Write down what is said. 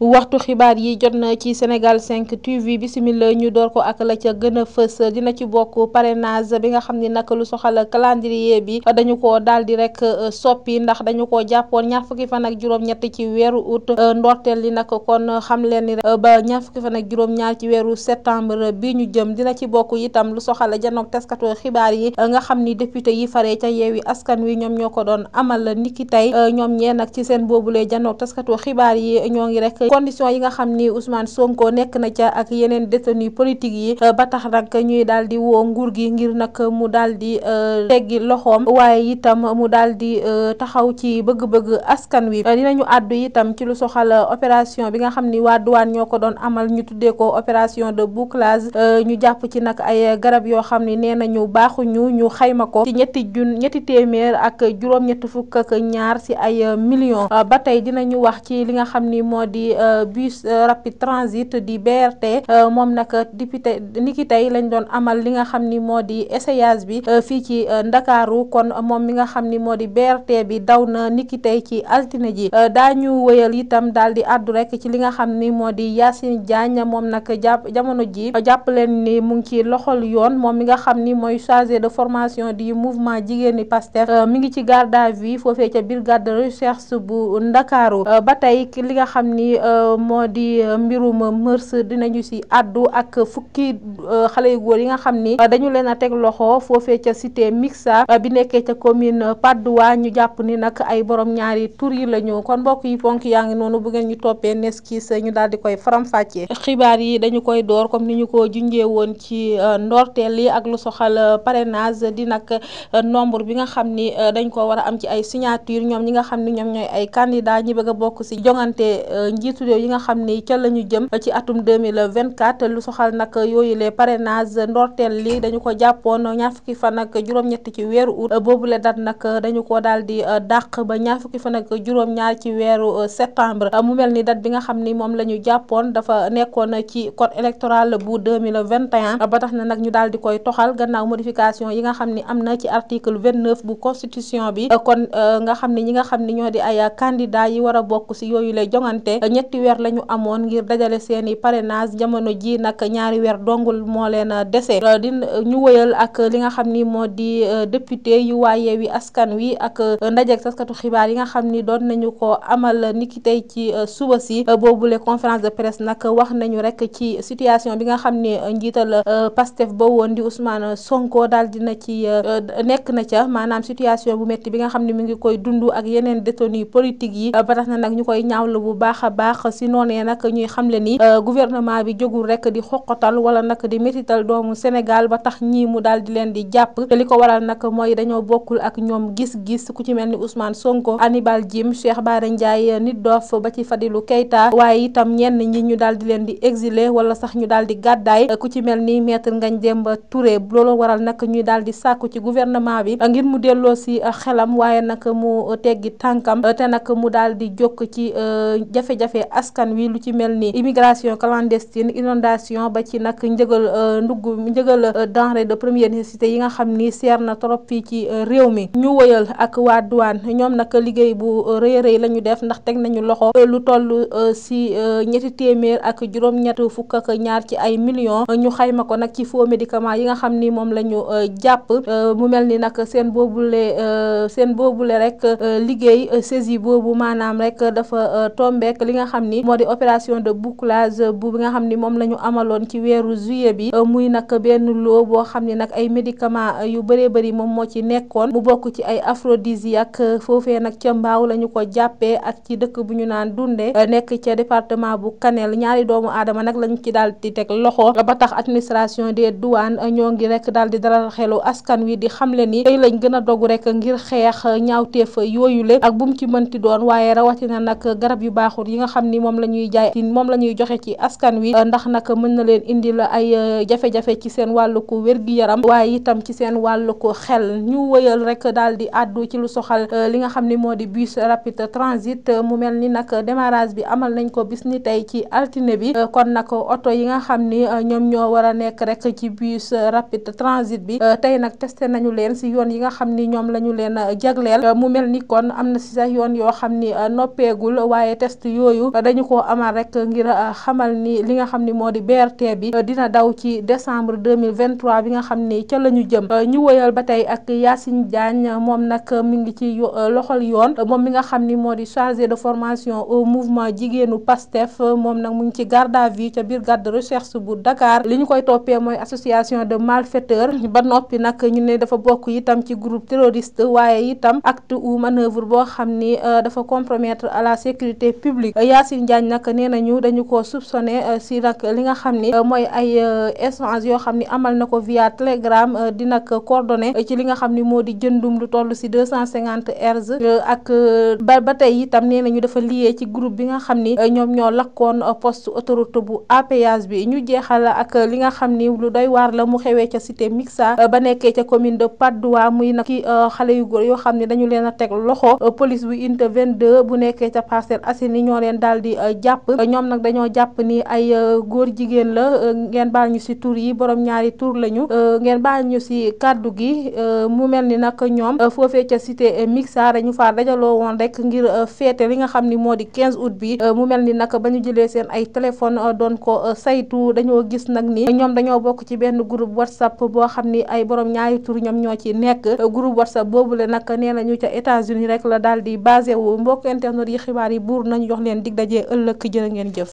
waxtu xibaar yi jot na ci Sénégal 5 TV bisimila ñu door ko ak la ca gën a fës dina ci bokk parrainage bi nga xam ni nak lu soxala calendrier bi dañu ko daal di rek euh, soppi ndax dañu ko jàppoon ñaar fukki fan ak juróom-ñett ci weeru août euh, ndorteel li nag kon xam leen ni rek euh, ba ñaar fukki fan ci weeru septembre bi ñu jëm dina ci bokk itam lu soxala janoog taskatu xibaar yi nga xam ni député yi fare ca yeewi askan wi ñoom ñoo ko doon amal niki tey ñoom ñee nag ci seen boobu boobule janoog taskatu xibaar yi ñoo ngi rek condition yi nga xam ni Ousmane Sonko nekk na ca ak yeneen détenu politique yi euh, ba tax nag ñuy daal di woo nguur gi ngir nag mu daal di euh, teggi loxoom waaye itam mu daal di euh, taxaw ci bëgg-bëgg askan wi dinañu àddu itam ci lu soxal opération bi nga xam ni waa douane ñoo ko doon amal ñu tuddee ko opération de bouclage ñu jàpp ci nag ay garab yoo xam ni nee nañu baaxuñu ñu xayma ko ci ñetti jun téeméer ak juróom-ñetti fukk ak ñaar si ay millions ba tey dinañu wax ci Euh, bus euh, rapide transit di BRT euh, moom nag député niki tey lañ doon amal li nga xam ni moo di essayage bi fii ci Ndakaaru kon moom mi nga xam ni moo di BRT bi daw na niki tey ci altine ji daañu woyal itam daal di àddu rek ci li nga xam ni moo di Yacine Diagne moom nag jàpp jamono ji jàppaleen ni mu ngi ci loxol yoon moom mi nga xam ni mooy chargé de formation di mouvement jigéeni Pastef mi ngi ci garde à vue foofee ca brigade de recherche bu Ndakaaru ba tey li Euh, moo di euh, mbirum mërs ñu si àddu ak fukki euh, xale yu góor yi nga xam ni dañu leen a teg loxo foofee ca cité Mixa bi nekkee ca commune Patte d'Oie ñu jàpp ni nag ay borom ñaari tur yi lañu kon mbokk yi ponk yaa ngi noonu bu ñu toppee neskis ñu daal di koy faram-fàccee xibaar yi dañu koy door comme ni ñu ko junjee woon ci ndorteel yi ak lu soxal parrainage di nag nombre bi nga xam ni dañ ko war a am ci ay signature ñoom ñi nga xam ni ñoom ñooy ay candidat studio yi nga xam ni ca la ñu jëm ci atum 2024 lu soxal nag yooyu les parrainage ndorteel li dañu ko jàppoon ñaar fukki fan ak juróom-ñett ci weeru août boobule date nag dañu ko daal di euh, dàq ba ñaar fukki fan ak juróom-ñaar ci weeru euh, septembre mu mel ni date bi nga xam ni moom la ñu jàppoon dafa nekkoon ci code électoral bu 2021 ba tax na nag ñu daal di koy toxal gannaaw modification yi nga xam ni am na ci article 29 bu constitution bi kon euh, nga xam ni ñi nga xam ni ñoo ay candidat yi war a bokk yooyu lay jongante ñetti weer la ñu amoon ngir seen i parrainage jamono ji nag ñaari weer dongul moo leen dese euh, di ñu wëyal ak li nga xam ni moo di euh, député yu waa Yewwi Askan Wi ak euh, ndajeek taskatu xibaar yi nga xam ni doon nañu ko amal niki tey ci suba si boobule conférence de nag wax nañu rek ci situation bi nga xam ni njiital Pastef ba woon di Ousmane Sonko daal dina ci nekk na ca maanaam situation bu métti bi nga xam ni mu ngi koy dund ak yeneen détenus politiques yi ba na nag ñu koy ñaawlu bu baax baax si noonee nag ñuy xamle ni euh, gouvernement bi jógul rek di xoqatal wala nag di métital doomu Sénégal ba tax ñii mu daal di leen di jàpp te li ko waral nag mooy dañoo bokkul ak ñoom gis-gis ku ci mel ni Ousmane Sonko anibal Djim Cheikh Bara Ndiaye nit doof ba ci Fadilou Keita waaye itam ñenn ñi ñu daal di leen di exilé wala sax ñu daal di gàddaay ku ci mel ni maître Ngagne Demba Touré loolu waral nag ñuy daal di sakku ci gouvernement bi ngir mu delloo si euh, xelam waaye nag mu euh, teggi tànkam te nag mu daal di jokk ci jafe-jafe jafe askan wi lu ci mel ni immigration clandestine inondation ba ci nag njëgal euh, ndugg njëgal euh, denrée de premier nécessité yi nga xam ni seer na trop fii ci euh, réew mi ñu woyal ak waa douane ñoom nag liggéey bu rëy rëy la ñu def ndax teg nañu loxo lu toll si ñetti téeméer ak juróom-ñett fukk ñaar ci ay million ñu xayma ko nag ci faux médicament yi nga xam ni moom la ñu jàpp mu mel ni nag seen boobule seen boobule rek liggéey saisi boobu maanaam rek dafa tombeek xam ni moo di opération de bouclage bu bi nga xam ni moom la ñu amaloon ci weeru juillet bi euh, muy nag benn loo boo xam ni nag ay médicament euh, yu bëree bëri moom moo ci nekkoon mu bokk ci ay aphrodisiaque euh, foofe nag ca mbaaw la ñu ko jàppee ak ci dëkk bu ñu naan dundee nekk ca département bu Kanel ñaari doomu aadama nag lañu ci daal di teg loxo ba tax administration des duwaan ñoo ngi rek daal di dalal xelu askan wi di xamle ni tey lañ gën a dogu rek ngir xeex ñaawteef yooyu le ci mënti doon xam ni moom la ñuy jaay ci moom la joxe ci askan wi ndax nag mën na leen indi la ay euh, jafe-jafe ci seen wàllu ko yaram waaye itam ci seen wàllu xel ñu wëyal rek daal di àddu ci lu soxal euh, li nga xam ni moo di bus rapide transit mu mel ni nag démarrage bi amal nañ ko bis ni tey ci altine bi euh, kon nag oto yi nga xam ni ñoom ñoo war a nekk rek ci bus rapide transit bi tey nag teste nañu leen si yoon yi nga xam ni ñoom la ñu leen jagleel mu mel ni kon am na si sax yoon yoo xam ni loolu dañu ko amal rek ngir euh, xamal ni li nga xam ni moo di BRT bi euh, dina daw ci décembre deux mille vingt bi nga xam ni ca la ñu jëm euh, ñu woyal ba tey ak Yacine Diagne moom nag mi ngi ci loxol yoon moom mi nga xam ni moo di chargé de formation au mouvement jigéenu PASTEF moom nag mu ngi ci garde à vue ca brigade de recherche bu Dakar li ñu koy toppee mooy association de malfaiteurs ba noppi nag ñu ne dafa bokk itam ci groupe terroriste waaye itam acte ou manœuvre boo xam ni dafa compromettre à la sécurité publique. Yacine Diagne nag nee ñu dañu ko soupçonné euh, si nag li nga xam ni euh, mooy ay euh, échange yoo xam ni amal na ko via Telegram di nag coordonné ci li nga xam ni moo di jëndum lu toll si deux cent cinquante heures ak ba ba tey itam nee ñu defa lié ci groupe bi nga xam ni ñoom ñoo lakkoon post autoroute bu APS bi ñu jeexal ak li nga xam ni lu doy waar la mu xewee ca cité Mixa ba nekkee ca commune de Patte d'Oie muy nag ki xale yu góor yoo xam ni dañu leen a teg loxo police daal di eh, jàpp ñoom nag dañoo jàpp ni ay eh, góor jigéen la eh, ngeen baal ñu si tur yi borom ñaari tur lañu ngeen baal ñu si kàddu gi mu mel ni nag ñoom foofee ca cité Mixa dañu faa dajaloo woon rek ngir féete li nga xam ni moo di 15 août bi mu mel ni nag ba ñu jëlee seen ay téléphone doon ko dañoo gis nag ni ñoom dañoo bokk ci benn groupe whatsapp boo xam ni ay borom ñaari tur ñoom ñoo ci nekk groupe whatsapp boobule nag nañu ca états internet yi xibaar yi buur nañu jox leen dig dig dajee ëllëg ngeen jëf